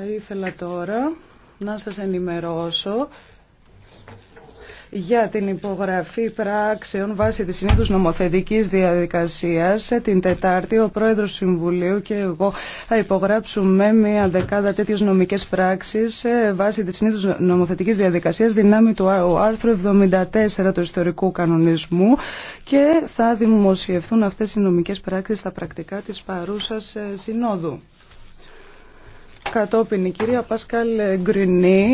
Θα ήθελα τώρα να σας ενημερώσω για την υπογραφή πράξεων βάσει της συνήθους νομοθετικής διαδικασίας. Την Τετάρτη ο Πρόεδρος Συμβουλίου και εγώ θα υπογράψουμε μια δεκάδα τέτοιες νομικές πράξεις ε, βάσει της συνήθους νομοθετικής διαδικασίας δυνάμει του άρθρου 74 του ιστορικού κανονισμού και θα δημοσιευθούν αυτές οι νομικές πράξεις στα πρακτικά της παρούσας ε, συνόδου. Κατόπιν η κυρία Πασκάλ Γκρινή